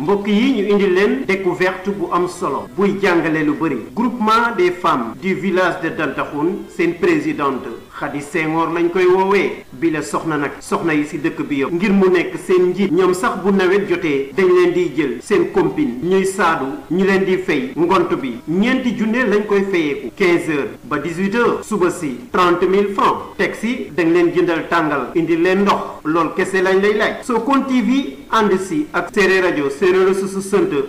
mbokk yi ñu indi leen découverte bu am solo buy jàngale lu bëri groupement des femmes du village de Dantakhoune seen présidente Khady Senghor lañ koy woowee bi la soxna nag soxna yi ci dëkk bi yëpp ngir mu nekk seen njiit ñoom sax bu nawet jotee dañ leen di jël seen compine ñuy saadu ñu leen di fay ngont bi ñeenti junne lañ koy fayeeku 15 heures ba 18 heures suba si 30 000 francs Taxi. si dañ leen jëndal tàngal indi leen ndox loolu kese lañ lay laaj Sokone TV And si ak Serre Radio, séeréer su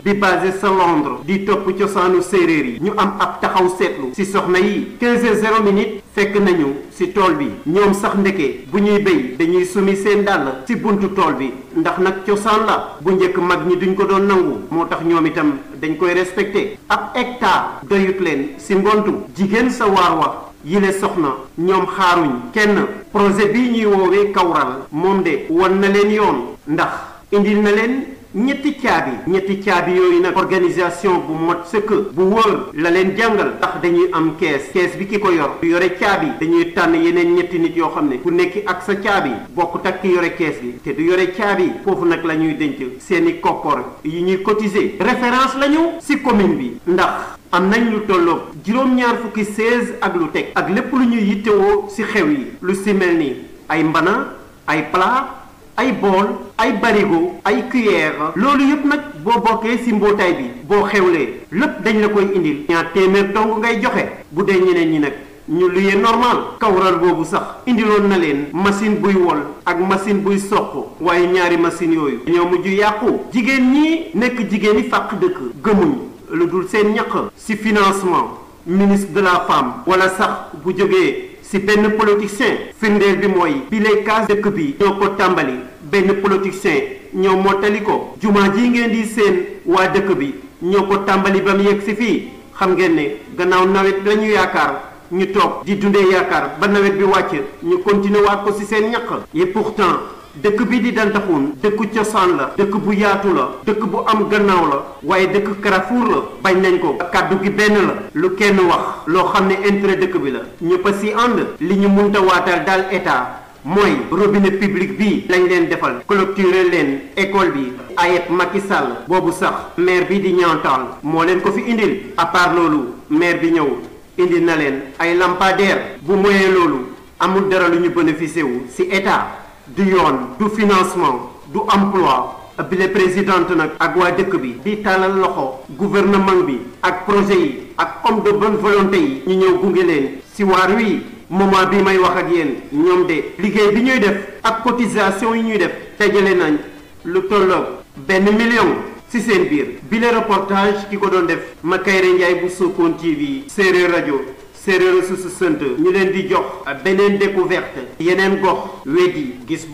bi basé sa Londres di topp cosaanu nous yi ñu am ab taxaw seetlu si soxna yi 15h0 minutes fekk nañu nous, tool bi ñoom sax ndeke bu ñuy béy dañuy sumi seen dàll si buntu tool bi ndax nag cosaan la bu njëkk mag ñi duñ ko doon itam dañ koy respecté ab hectare doyut leen si sa yile soxna ñoom xaaruñ kenn projet bii ñuy woowee Kawral moom na yoon indil na leen ñetti caabi ñetti caabi yooyu nag organisation bu mot sëkk bu wóor la leen jàngal ndax dañuy am kees kees bi ki ko yor ku yore caabi dañuy tànn yeneen ñetti nit yoo xam ne ku nekk ak sa caabi bokkut tak ki yore kees gi te du yore caabi foofu nag la ñuy denc seeni kokkoor yi ñuy cotiser référence lañu ñu ci commune bi ndax am nañ lu tolloog juróom-ñaar fukki 16 ak lu teg ak lépp lu ñuy yittewoo ci xew yi lu ci mel ni ay mbana ay plat ay bool ay barigo ay cuillère loolu yëpp nag boo bokkee ci mbootaay bi boo xewlee lépp dañ la koy indil ñaar téeméer dong ngay joxe bu dee ñeneen ñi nag ñu luyee normal kawral boobu sax indiloon na leen machine buy wol ak machine buy soq waaye ñaari machine yooyu ñoo mujj yàqu jigéen ñi nekk jigéen yi fàq dëkk gëmuñ lu dul seen ñaq ci financement ministre de la femme wala sax bu jógee ci benn politicien firndeel bi mooy bi lay kaas dëkk bi ñoo ko tàmbali benn politicien ñoo mottali ko jumaa ji ngeen di seen waa dëkk bi ñoo ko tàmbali ba mu yegg si fii xam ngeen ne gannaaw nawet la ñu yaakaar ñu toog di dundee yaakaar ba nawet bi wàcc ñu continuer waat ko si seen ñaq et pourtant dëkk bi di Dantaxuun dëkk cosaan la dëkk bu yaatu la dëkk bu am gannaaw la waaye dëkk Carrefour la bañ nañ ko kàddu gi benn la lu kenn wax loo xam ne intérêt dëkk bi la ñëpp a si ànd li ñu munta waatal daal état mooy robinet public bi lañ leen defal clôturer leen école bi ayet Macky Sall boobu sax maire bi di ñaantaal moo leen ko fi indil à part loolu maire bi ñëw indi na leen ay lampadaire bu moyee loolu amul dara lu ñu bénéficié wu ci état du yoon du financement du emploi bi le présidente nag ak waa dëkk bi di taalal loxo gouvernement bi ak projet yi ak homme de bonne volonté yi ñu ñëw gunge leen si waar wi moment bi may wax ak yéen ñoom de liggéey bi ñuy def ak cotisation yi ñuy def dajale nañ lu tolloog benn million si seen biir bi le reportage ki ko doon def Makayre Ndiaye bu Sokone TV séeréer rajo C'est le ñu di découverte Yenen Gok, Wedi, gis